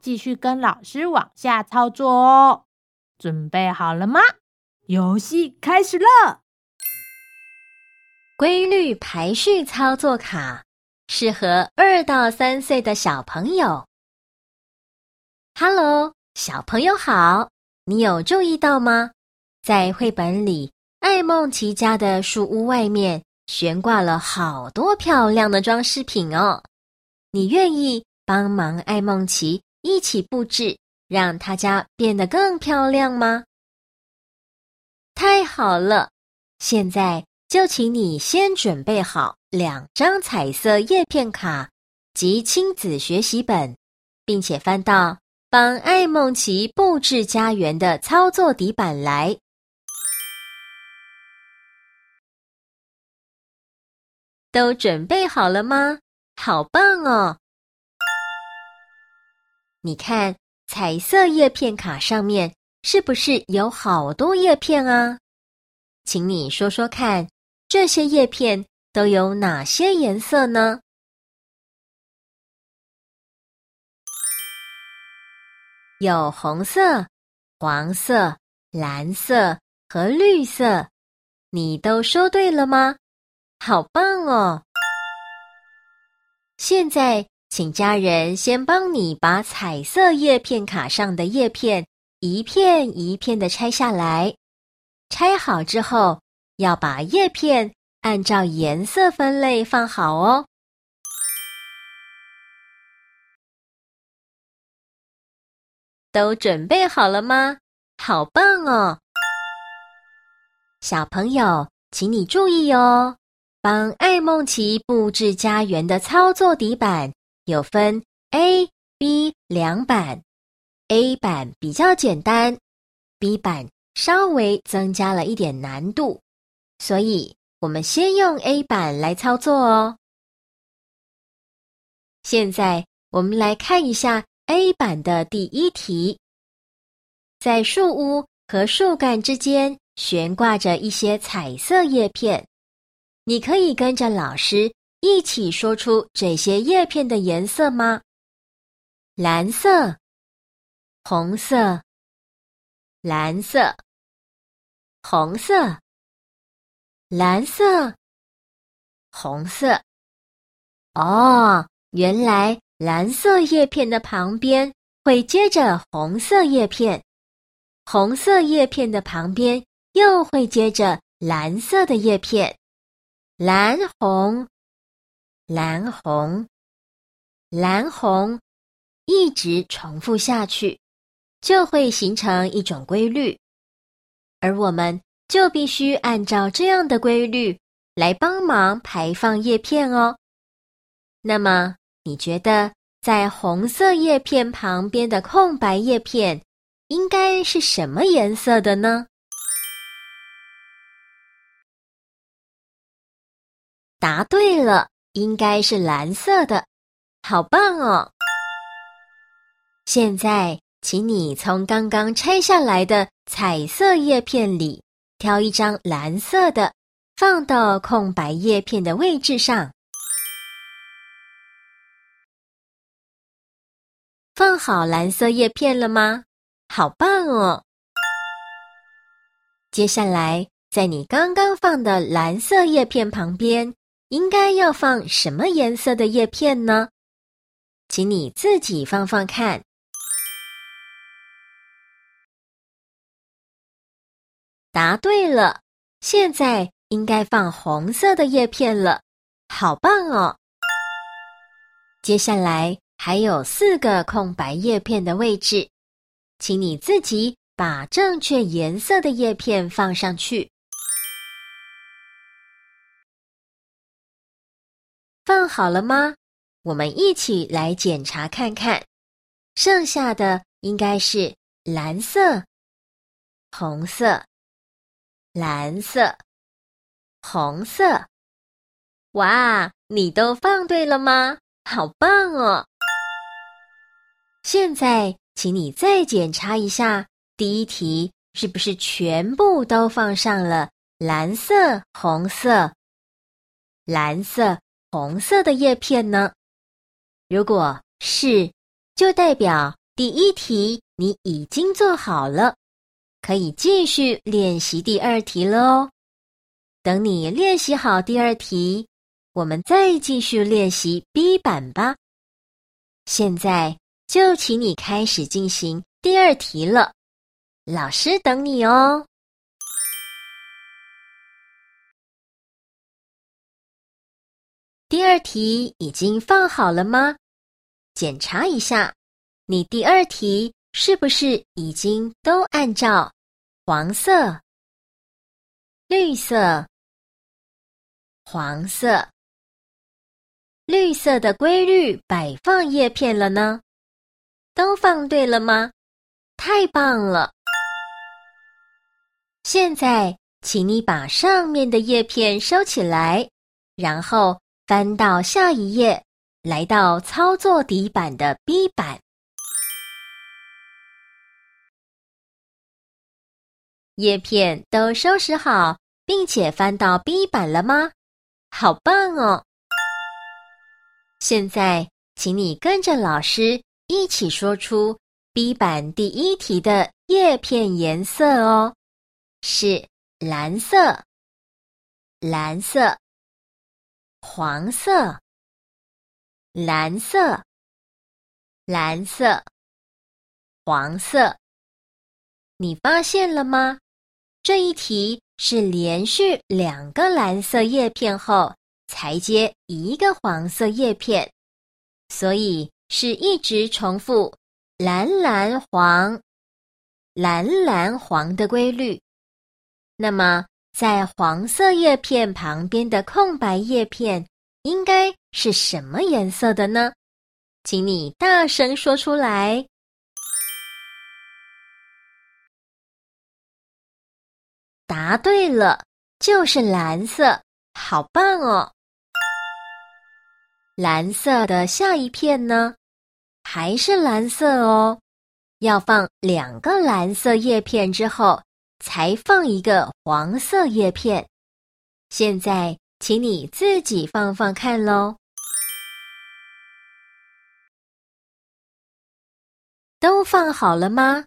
繼續跟老師往下操作哦，準備好了嗎？遊戲開始了。規律排序操作卡適合二到三歲的小朋友。Hello，小朋友好，你有注意到嗎？在繪本裡，愛孟奇家的樹屋外面懸掛了好多漂亮的裝飾品哦。你願意幫忙愛孟奇一起佈置，讓他家變得更漂亮嗎？太好了！現在就請你先準備好兩張彩色葉片卡及親子學習本，並且翻到幫愛孟奇佈置家園的操作底板來。都準備好了嗎？好棒哦！你看，彩色葉片卡上面是不是有好多葉片啊？請你說說看，這些葉片都有哪些顏色呢？有紅色、黃色、藍色和綠色。你都說對了嗎？好棒哦！現在。請家人先幫你把彩色葉片卡上的葉片一片一片的拆下來，拆好之後要把葉片按照顏色分類放好哦。都準備好了嗎？好棒哦！小朋友，請你注意哦，幫愛孟奇布置家園的操作底板，有分 A、B 兩版，A 版比較簡單，B 版稍微增加了一點難度，所以我們先用 A 版來操作哦。現在我們來看一下 A 版的第一題，在樹屋和樹幹之間懸掛着一些彩色葉片，你可以跟着老師。一起說出這些葉片的顏色嗎？藍色、紅色、藍色、紅色、藍色、紅色。哦，原來藍色葉片的旁邊會接着紅色葉片，紅色葉片的旁邊又會接着藍色的葉片，藍紅。藍紅，藍紅，一直重複下去，就會形成一種規律，而我們就必須按照這樣的規律來幫忙排放葉片哦。那麼，你覺得在紅色葉片旁邊的空白葉片應該是什麼顏色的呢？答對了。應該是藍色的，好棒哦！現在，請你從剛剛拆下來的彩色葉片裡挑一張藍色的，放到空白葉片的位置上。放好藍色葉片了嗎？好棒哦！接下來，在你剛剛放的藍色葉片旁邊。應該要放什麼顏色的葉片呢？請你自己放放看。答對了，現在應該放紅色的葉片了，好棒哦！接下來還有四個空白葉片的位置，請你自己把正確顏色的葉片放上去。放好了嗎？我們一起來檢查看看，剩下的應該是藍色、紅色、藍色、紅色。哇，你都放對了嗎？好棒哦！現在請你再檢查一下第一題，是不是全部都放上了？藍色、紅色、藍色。紅色的葉片呢？如果是，就代表第一題你已經做好了，可以繼續練習第二題了哦。等你練習好第二題，我們再繼續練習 B 版吧。現在就請你開始進行第二題了，老師等你哦。第二題已經放好了嗎？檢查一下，你第二題是不是已經都按照黃色、綠色、黃色、綠色的規律擺放葉片了呢？都放對了嗎？太棒了！現在，請你把上面的葉片收起來，然後，翻到下一頁，來到操作底板的 B 面。葉片都收拾好，並且翻到 B 面了嗎？好棒哦！現在，請你跟着老師一起說出 B 面第一題的葉片顏色哦，是藍色，藍色。黃色、藍色、藍色、黃色，你發現了嗎？這一題是連續兩個藍色葉片後才接一個黃色葉片，所以是一直重複藍藍黃、藍藍黃的規律。那麼。在黃色葉片旁邊的空白葉片應該是什麼顏色的呢？請你大聲說出來。答對了，就是藍色，好棒哦！藍色的下一片呢？還是藍色哦。要放兩個藍色葉片之後。才放一個黃色葉片，現在請你自己放放看嘍。都放好了嗎？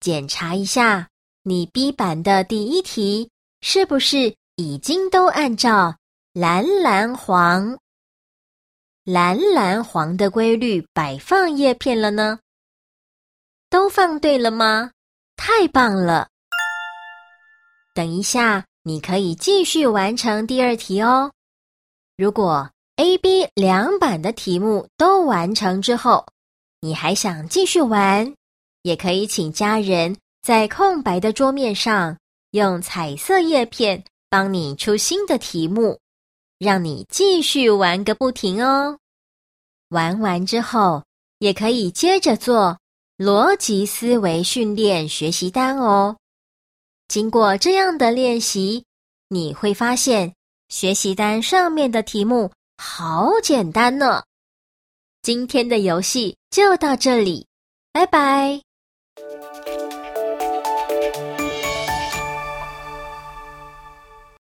檢查一下，你 B 版的第一題是不是已經都按照藍藍黃、藍藍黃的規律擺放葉片了呢？都放對了嗎？太棒了！等一下，你可以繼續完成第二題哦。如果 A、B 兩版的題目都完成之後，你還想繼續玩，也可以請家人在空白的桌面上用彩色葉片幫你出新的題目，讓你繼續玩個不停哦。玩完之後，也可以接着做邏輯思維訓練學習單哦。經過這樣的練習，你會發現學習單上面的題目好簡單呢。今天的遊戲就到這裡，拜拜。